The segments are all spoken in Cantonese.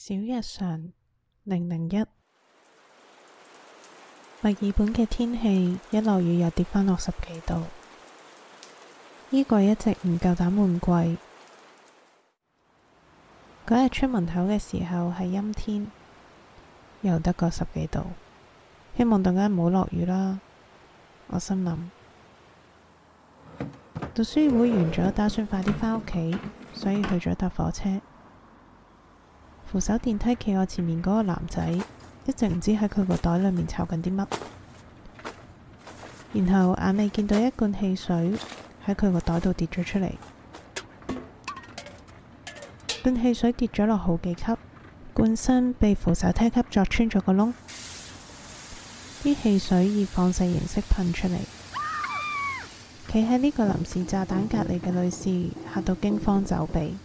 小日常零零一。墨爾本嘅天氣一落雨又跌返落十幾度，衣櫃一直唔夠膽換季。嗰日出門口嘅時候係陰天，又得個十幾度，希望大家唔好落雨啦。我心諗讀書會完咗，打算快啲翻屋企，所以去咗搭火車。扶手電梯企我前面嗰個男仔，一直唔知喺佢個袋裏面炒緊啲乜，然後眼尾見到一罐汽水喺佢個袋度跌咗出嚟，罐汽水跌咗落好幾級，罐身被扶手梯級鑿穿咗個窿，啲汽水以放射形式噴出嚟，企喺呢個臨時炸彈隔籬嘅女士嚇到驚慌走避。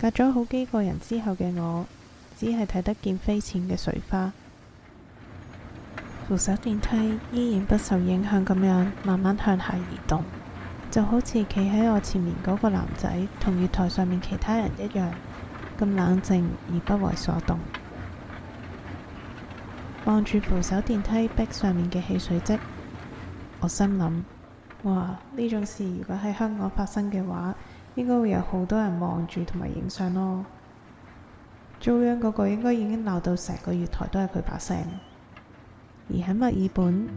隔咗好幾個人之後嘅我，只係睇得見飛濺嘅水花。扶手電梯依然不受影響咁樣慢慢向下移動，就好似企喺我前面嗰個男仔同月台上面其他人一樣，咁冷靜而不為所動。望住扶手電梯壁上面嘅汽水漬，我心諗：哇，呢種事如果喺香港發生嘅話。應該會有好多人望住同埋影相咯。遭殃嗰個應該已經鬧到成個月台都係佢把聲。而喺墨爾本，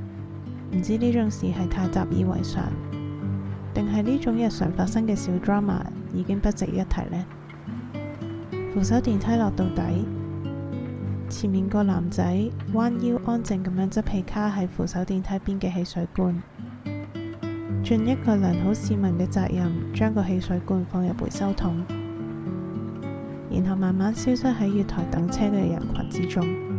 唔知呢種事係太習以為常，定係呢種日常發生嘅小 drama 已經不值一提呢？扶手電梯落到底，前面個男仔彎腰安靜咁樣執起卡喺扶手電梯邊嘅汽水罐。盡一個良好市民嘅責任，將個汽水罐放入回收桶，然後慢慢消失喺月台等車嘅人群之中。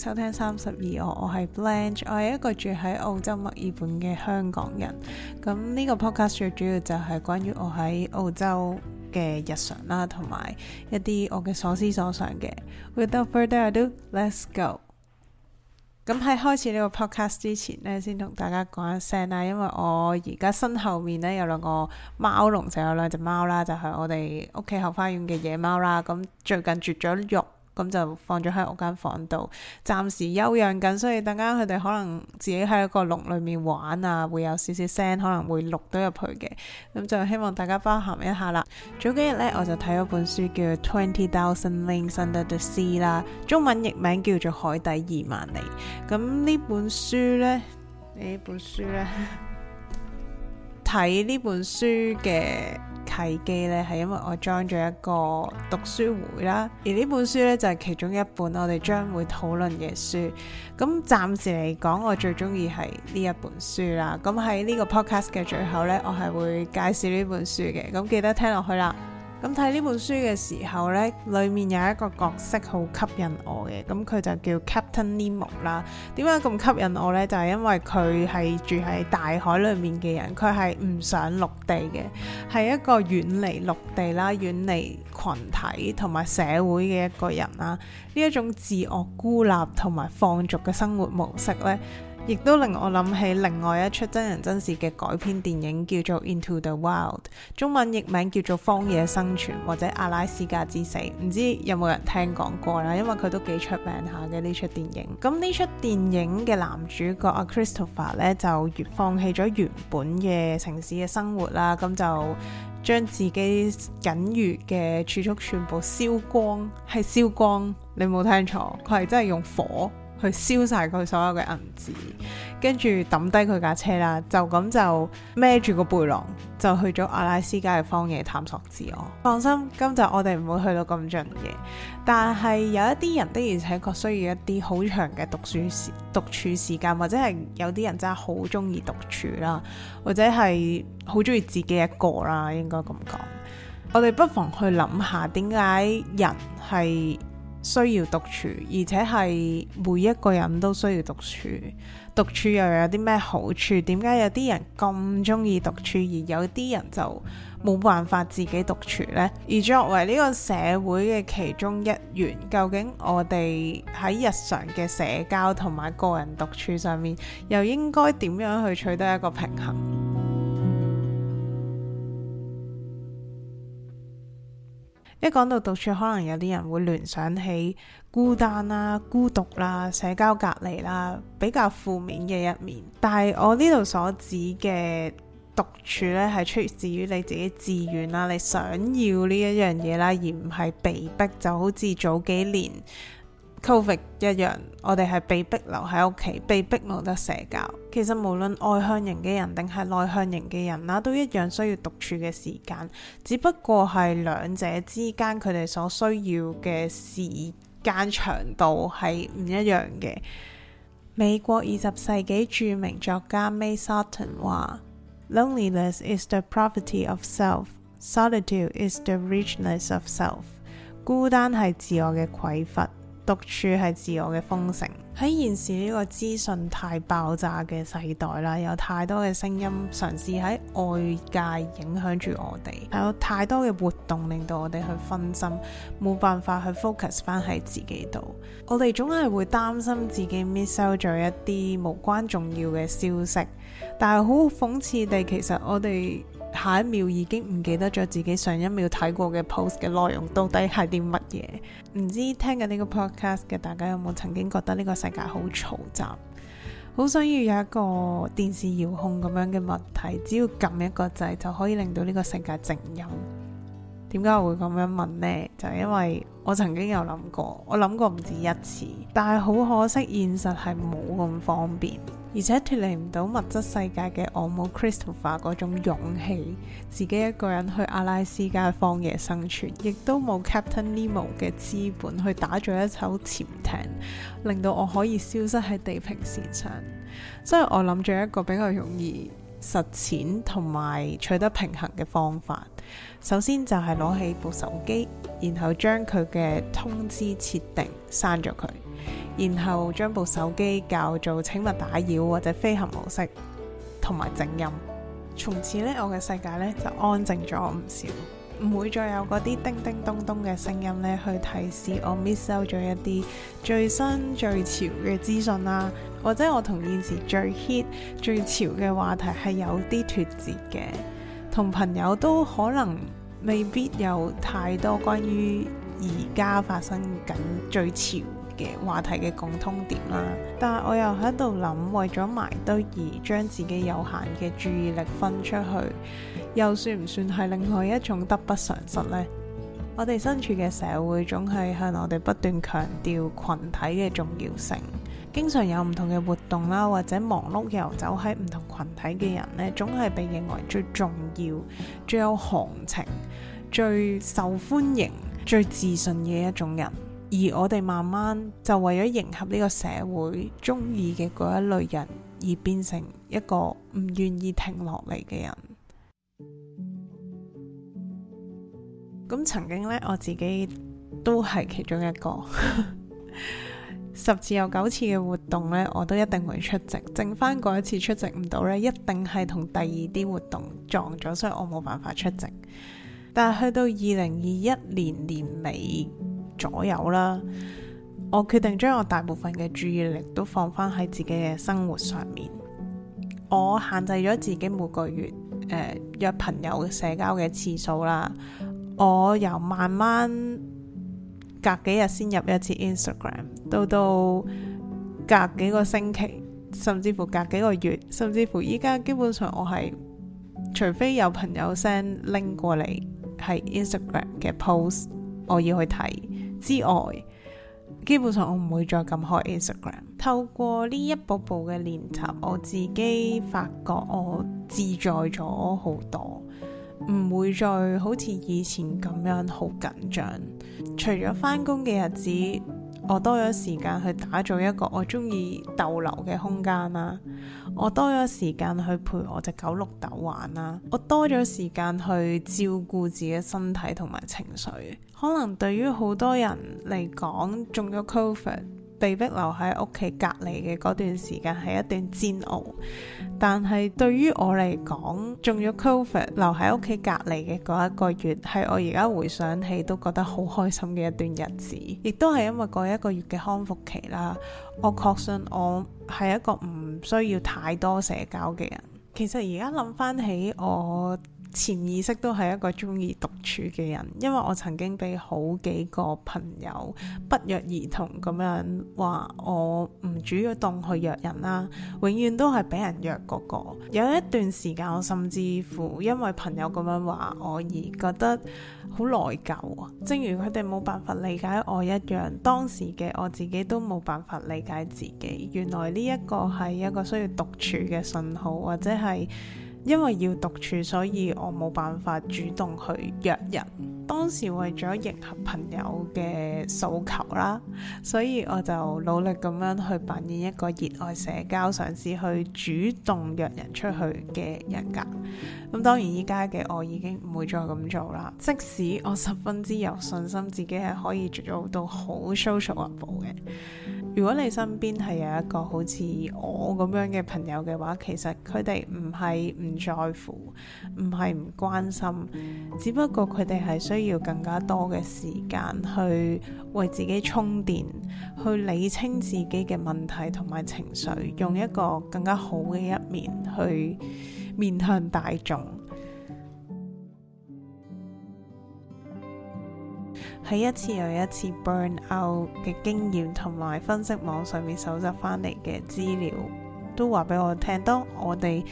收聽三十二我我係 Blanche 我係一個住喺澳洲墨爾本嘅香港人。咁呢個 podcast 最主要就係關於我喺澳洲嘅日常啦，同埋一啲我嘅所思所想嘅。Without further ado，let's go。咁喺開始呢個 podcast 之前呢，先同大家講一聲啦，因為我而家身後面呢，有兩個貓籠，就是、有兩隻貓啦，就係、是、我哋屋企後花園嘅野貓啦。咁最近絕咗育。咁就放咗喺我間房度，暫時休養緊，所以等間佢哋可能自己喺一個籠裏面玩啊，會有少少聲，可能會錄到入去嘅，咁就希望大家包含一下啦。早幾日呢，我就睇咗本書叫《Twenty Thousand Links Under the Sea》啦，中文譯名叫做《海底二萬里》。咁呢本書呢，呢本書呢，睇 呢本書嘅。契機呢係因為我裝咗一個讀書會啦，而呢本書呢就係其中一本我哋將會討論嘅書。咁暫時嚟講，我最中意係呢一本書啦。咁喺呢個 podcast 嘅最後呢，我係會介紹呢本書嘅。咁記得聽落去啦。咁睇呢本書嘅時候呢，裡面有一個角色好吸引我嘅，咁佢就叫 Captain Nemo 啦。點解咁吸引我呢？就係因為佢係住喺大海裡面嘅人，佢係唔想陸地嘅，係一個遠離陸地啦、遠離群體同埋社會嘅一個人啦。呢一種自我孤立同埋放逐嘅生活模式呢。亦都令我諗起另外一出真人真事嘅改編電影，叫做《Into the Wild》，中文譯名叫做《荒野生存》或者《阿拉斯加之死》，唔知有冇人聽講過啦？因為佢都幾出名下嘅呢出電影。咁呢出電影嘅男主角阿 Christopher 咧，就越放棄咗原本嘅城市嘅生活啦，咁就將自己僅餘嘅儲蓄全部燒光，係燒光，你冇聽錯，佢係真係用火。去燒晒佢所有嘅銀紙，跟住抌低佢架車啦，就咁就孭住個背囊就去咗阿拉斯加嘅荒野探索自我。放心，今集我哋唔會去到咁盡嘅，但係有一啲人的而且確需要一啲好長嘅讀書時、獨處時間，或者係有啲人真係好中意獨處啦，或者係好中意自己一個啦，應該咁講。我哋不妨去諗下點解人係需要獨處，而且係每一個人都需要獨處。獨處又有啲咩好處？點解有啲人咁中意獨處，而有啲人就冇辦法自己獨處呢？而作為呢個社會嘅其中一員，究竟我哋喺日常嘅社交同埋個人獨處上面，又應該點樣去取得一個平衡？一講到獨處，可能有啲人會聯想起孤單啦、孤獨啦、社交隔離啦，比較負面嘅一面。但係我呢度所指嘅獨處呢，係出自於你自己自願啦、你想要呢一樣嘢啦，而唔係被迫。就好似早幾年 Covid 一樣，我哋係被逼留喺屋企，被逼冇得社交。其實無論外向型嘅人定係內向型嘅人，嗱都一樣需要獨處嘅時間，只不過係兩者之間佢哋所需要嘅時間長度係唔一樣嘅。美國二十世紀著，著名作家 May Sarton 話：Loneliness is the poverty of self, solitude is the richness of self。孤單係自我嘅匱乏。獨處係自我嘅豐盛。喺現時呢個資訊太爆炸嘅世代啦，有太多嘅聲音嘗試喺外界影響住我哋，有太多嘅活動令到我哋去分心，冇辦法去 focus 翻喺自己度。我哋總係會擔心自己 miss 咗一啲無關重要嘅消息，但係好諷刺地，其實我哋，下一秒已經唔記得咗自己上一秒睇過嘅 post 嘅內容，到底係啲乜嘢？唔知聽緊呢個 podcast 嘅大家有冇曾經覺得呢個世界好嘈雜，好想要有一個電視遙控咁樣嘅物體，只要撳一個掣就可以令到呢個世界靜音。點解我會咁樣問呢？就係因為我曾經有諗過，我諗過唔止一次，但係好可惜現實係冇咁方便。而且脫離唔到物質世界嘅我冇 Christopher 嗰種勇氣，自己一個人去阿拉斯加荒野生存，亦都冇 Captain Nemo 嘅資本去打造一艘潛艇，令到我可以消失喺地平線上。所以，我諗住一個比較容易實踐同埋取得平衡嘅方法，首先就係攞起部手機。然後將佢嘅通知設定刪咗佢，然後將部手機校做請勿打擾或者飛行模式同埋靜音。從此呢，我嘅世界呢就安靜咗唔少，唔會再有嗰啲叮叮咚咚嘅聲音呢去提示我 miss 咗一啲最新最潮嘅資訊啦，或者我同現時最 hit 最潮嘅話題係有啲脱節嘅，同朋友都可能。未必有太多關於而家發生緊最潮嘅話題嘅共通點啦，但係我又喺度諗，為咗埋堆而將自己有限嘅注意力分出去，又算唔算係另外一種得不償失呢？我哋身處嘅社會總係向我哋不斷強調群體嘅重要性。經常有唔同嘅活動啦，或者忙碌遊走喺唔同群體嘅人呢，總係被認為最重要、最有行情、最受歡迎、最自信嘅一種人。而我哋慢慢就為咗迎合呢個社會鍾意嘅嗰一類人，而變成一個唔願意停落嚟嘅人。咁曾經呢，我自己都係其中一個。 十次有九次嘅活動呢，我都一定會出席，剩翻嗰一次出席唔到呢，一定係同第二啲活動撞咗，所以我冇辦法出席。但係去到二零二一年年尾左右啦，我決定將我大部分嘅注意力都放翻喺自己嘅生活上面。我限制咗自己每個月誒、呃、約朋友社交嘅次數啦，我又慢慢，隔幾日先入一次 Instagram，到到隔幾個星期，甚至乎隔幾個月，甚至乎依家基本上我係，除非有朋友 send 拎過嚟係 Instagram 嘅 post，我要去睇之外，基本上我唔會再撳開 Instagram。透過呢一步步嘅練習，我自己發覺我自在咗好多。唔會再好似以前咁樣好緊張。除咗返工嘅日子，我多咗時間去打造一個我中意逗留嘅空間啦。我多咗時間去陪我隻狗綠豆玩啦。我多咗時間去照顧自己身體同埋情緒。可能對於好多人嚟講，中咗 Covid。被逼留喺屋企隔離嘅嗰段時間係一段煎熬，但係對於我嚟講，中咗 Covid 留喺屋企隔離嘅嗰一個月，係我而家回想起都覺得好開心嘅一段日子，亦都係因為嗰一個月嘅康復期啦，我確信我係一個唔需要太多社交嘅人。其實而家諗翻起我。潛意識都係一個鍾意獨處嘅人，因為我曾經俾好幾個朋友不約而同咁樣話我唔主動去約人啦，永遠都係俾人約嗰個。有一段時間，我甚至乎因為朋友咁樣話我而覺得好內疚啊，正如佢哋冇辦法理解我一樣，當時嘅我自己都冇辦法理解自己。原來呢一個係一個需要獨處嘅信號，或者係。因為要獨處，所以我冇辦法主動去約人。當時為咗迎合朋友嘅訴求啦，所以我就努力咁樣去扮演一個熱愛社交、嘗試去主動約人出去嘅人格。咁當然依家嘅我已經唔會再咁做啦。即使我十分之有信心，自己係可以做到好 socialable 嘅。如果你身邊係有一個好似我咁樣嘅朋友嘅話，其實佢哋唔係唔在乎，唔係唔關心，只不過佢哋係需要更加多嘅時間去為自己充電，去理清自己嘅問題同埋情緒，用一個更加好嘅一面去面向大眾。喺一次又一次 burn out 嘅經驗，同埋分析網上面搜集翻嚟嘅資料，都話俾我聽，當我哋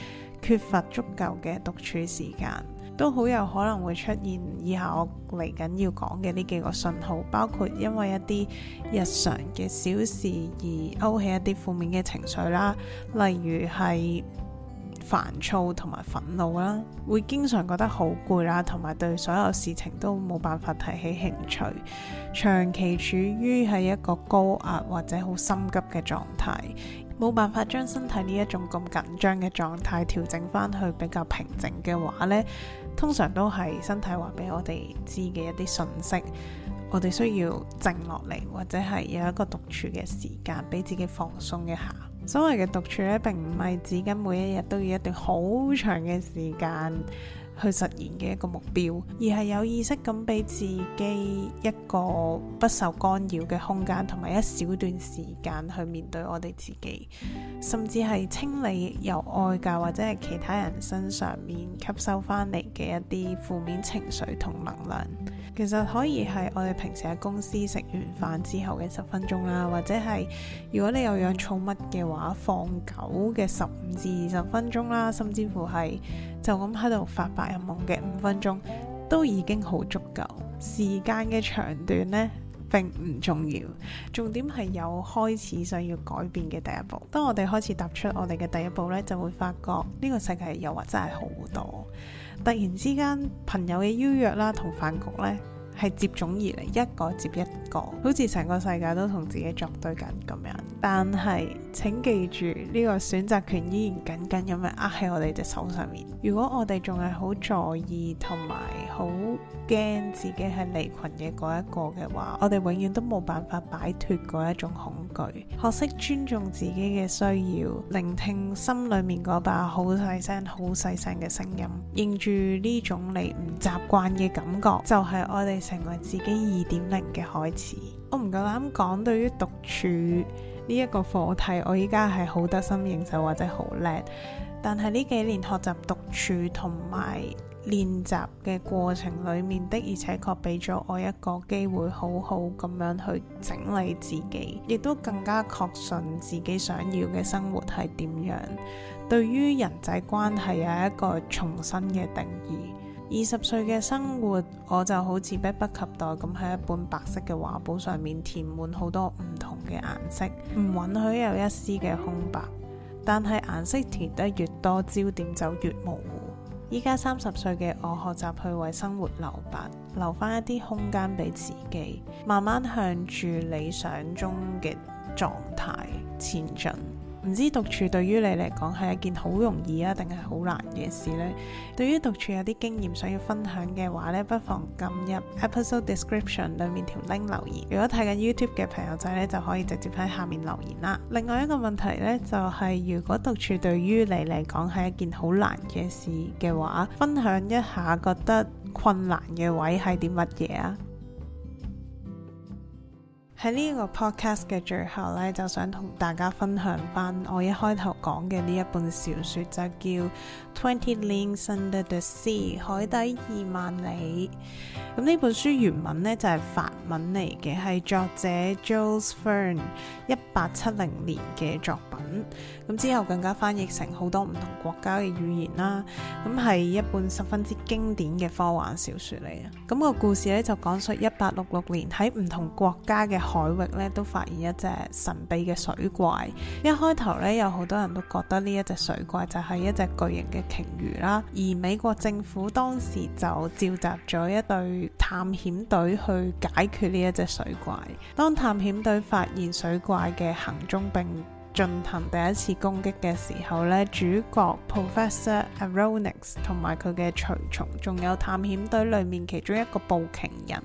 缺乏足夠嘅獨處時間，都好有可能會出現以下我嚟緊要講嘅呢幾個信號，包括因為一啲日常嘅小事而勾起一啲負面嘅情緒啦，例如係，煩躁同埋憤怒啦，會經常覺得好攰啦，同埋對所有事情都冇辦法提起興趣。長期處於喺一個高壓或者好心急嘅狀態，冇辦法將身體呢一種咁緊張嘅狀態調整翻去比較平靜嘅話呢，通常都係身體話俾我哋知嘅一啲訊息，我哋需要靜落嚟，或者係有一個獨處嘅時間，俾自己放鬆一下。所謂嘅獨處咧，並唔係指緊每一日都要一段好長嘅時間去實現嘅一個目標，而係有意識咁俾自己一個不受干擾嘅空間，同埋一小段時間去面對我哋自己，甚至係清理由外界或者係其他人身上面吸收翻嚟嘅一啲負面情緒同能量。其實可以係我哋平時喺公司食完飯之後嘅十分鐘啦，或者係如果你有養寵物嘅話，放狗嘅十五至二十分鐘啦，甚至乎係就咁喺度發白日夢嘅五分鐘，都已經好足夠。時間嘅長短呢並唔重要，重點係有開始想要改變嘅第一步。當我哋開始踏出我哋嘅第一步呢，就會發覺呢個世界又或者係好多。突然之間，朋友嘅邀約啦，同飯局呢係接踵而嚟，一個接一個，好似成個世界都同自己作對緊噉樣。但係，請記住，呢個選擇權依然緊緊咁樣握喺我哋隻手上面。如果我哋仲係好在意同埋好驚自己係離群嘅嗰一個嘅話，我哋永遠都冇辦法擺脫嗰一種恐懼。學識尊重自己嘅需要，聆聽心裡面嗰把好細聲、好細聲嘅聲音，認住呢種你唔習慣嘅感覺，就係我哋成為自己二點零嘅開始。我唔夠膽講，對於獨處。呢一個課題，我依家係好得心應手或者好叻，但係呢幾年學習獨處同埋練習嘅過程裡面，的而且確俾咗我一個機會，好好咁樣去整理自己，亦都更加確信自己想要嘅生活係點樣，對於人際關係有一個重新嘅定義。二十歲嘅生活，我就好似迫不及待咁喺一本白色嘅畫簿上面填滿好多唔同嘅顏色，唔允許有一絲嘅空白。但係顏色填得越多，焦點就越模糊。依家三十歲嘅我，學習去為生活留白，留返一啲空間俾自己，慢慢向住理想中嘅狀態前進。唔知獨處對於你嚟講係一件好容易啊，定係好難嘅事呢？對於獨處有啲經驗想要分享嘅話呢，不妨撳入 episode description 裏面條 link 留言。如果睇緊 YouTube 嘅朋友仔呢，就可以直接喺下面留言啦。另外一個問題呢，就是，就係如果獨處對於你嚟講係一件好難嘅事嘅話，分享一下覺得困難嘅位係啲乜嘢啊？喺呢個 podcast 嘅最後呢，就想同大家分享翻我一開頭講嘅呢一本小說，就叫《Twenty Thousand Leagues Under the Sea 海底二萬里。咁呢本書原文呢，就係、是、法文嚟嘅，係作者 Jules Verne 一八七零年嘅作品。咁之後更加翻譯成好多唔同國家嘅語言啦。咁係一本十分之經典嘅科幻小說嚟嘅。咁、那個故事呢，就講述一八六六年喺唔同國家嘅海域咧都發現一隻神秘嘅水怪，一開頭咧有好多人都覺得呢一隻水怪就係一隻巨型嘅鯨魚啦，而美國政府當時就召集咗一隊探險隊去解決呢一隻水怪。當探險隊發現水怪嘅行蹤並進行第一次攻擊嘅時候呢，主角 Professor Aronnax 同埋佢嘅隨從，仲有探險隊裏面其中一個捕鯨人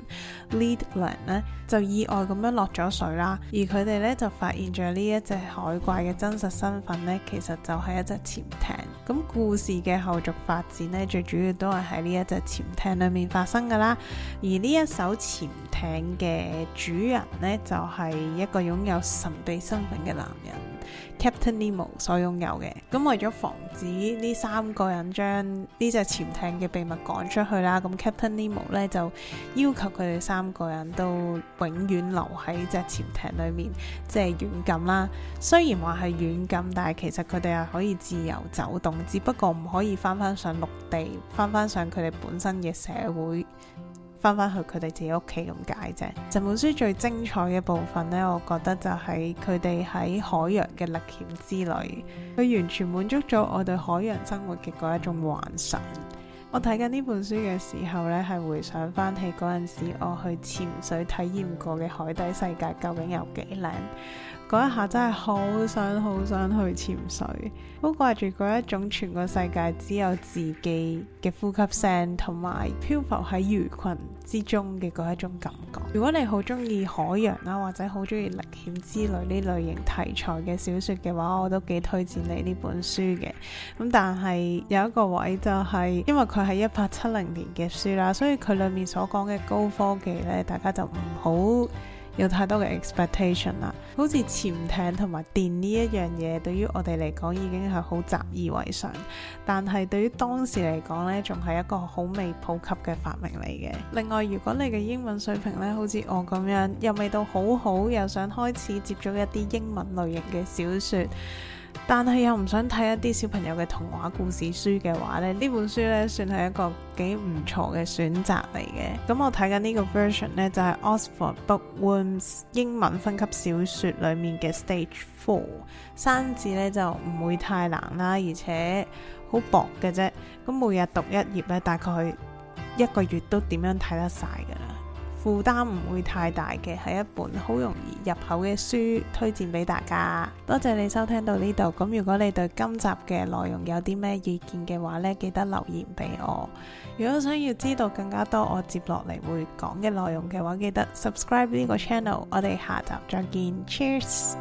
Leadland 呢，就意外咁樣落咗水啦。而佢哋呢，就發現咗呢一隻海怪嘅真實身份呢，其實就係一隻潛艇。咁故事嘅後續發展呢，最主要都係喺呢一隻潛艇裏面發生㗎啦。而呢一艘潛艇嘅主人呢，就係一個擁有神秘身份嘅男人。Captain Nemo 所擁有嘅，咁為咗防止呢三個人將呢隻潛艇嘅秘密講出去啦，咁那 Captain Nemo 呢，就要求佢哋三個人都永遠留喺隻潛艇裡面，即係軟禁啦。雖然話係軟禁，但係其實佢哋係可以自由走動，只不過唔可以翻返上陸地，翻返上佢哋本身嘅社會。翻返去佢哋自己屋企咁解啫。整本書最精彩嘅部分呢，我覺得就係佢哋喺海洋嘅歷險之旅。佢完全滿足咗我對海洋生活嘅嗰一種幻想。我睇緊呢本書嘅時候呢，係回想翻起嗰陣時我去潛水體驗過嘅海底世界，究竟有幾靚？嗰一下真係好想好想去潛水，好掛住嗰一種全個世界只有自己嘅呼吸聲，同埋漂浮喺魚群之中嘅嗰一種感覺。如果你好中意海洋啦，或者好中意歷險之類呢類型題材嘅小說嘅話，我都幾推薦你呢本書嘅。咁但係有一個位就係，因為佢係一八七零年嘅書啦，所以佢裏面所講嘅高科技呢，大家就唔好。有太多嘅 expectation 啦，好似潛艇同埋電呢一樣嘢，對於我哋嚟講已經係好習以為常，但係對於當時嚟講呢，仲係一個好未普及嘅發明嚟嘅。另外，如果你嘅英文水平呢，好似我咁樣，又未到好好，又想開始接觸一啲英文類型嘅小説。但係又唔想睇一啲小朋友嘅童話故事書嘅話咧，呢本書咧算係一個幾唔錯嘅選擇嚟嘅。咁 我睇緊呢個 version 咧就係 Oxford Bookworms 英文分級小說裏面嘅 Stage Four，生字咧就唔會太難啦，而且好薄嘅啫。咁每日讀一頁咧，大概一個月都點樣睇得晒嘅。負擔唔會太大嘅，係一本好容易入口嘅書，推薦俾大家。多謝你收聽到呢度。咁如果你對今集嘅內容有啲咩意見嘅話呢，記得留言俾我。如果想要知道更加多我接落嚟會講嘅內容嘅話，記得 subscribe 呢個 channel。我哋下集再見，Cheers。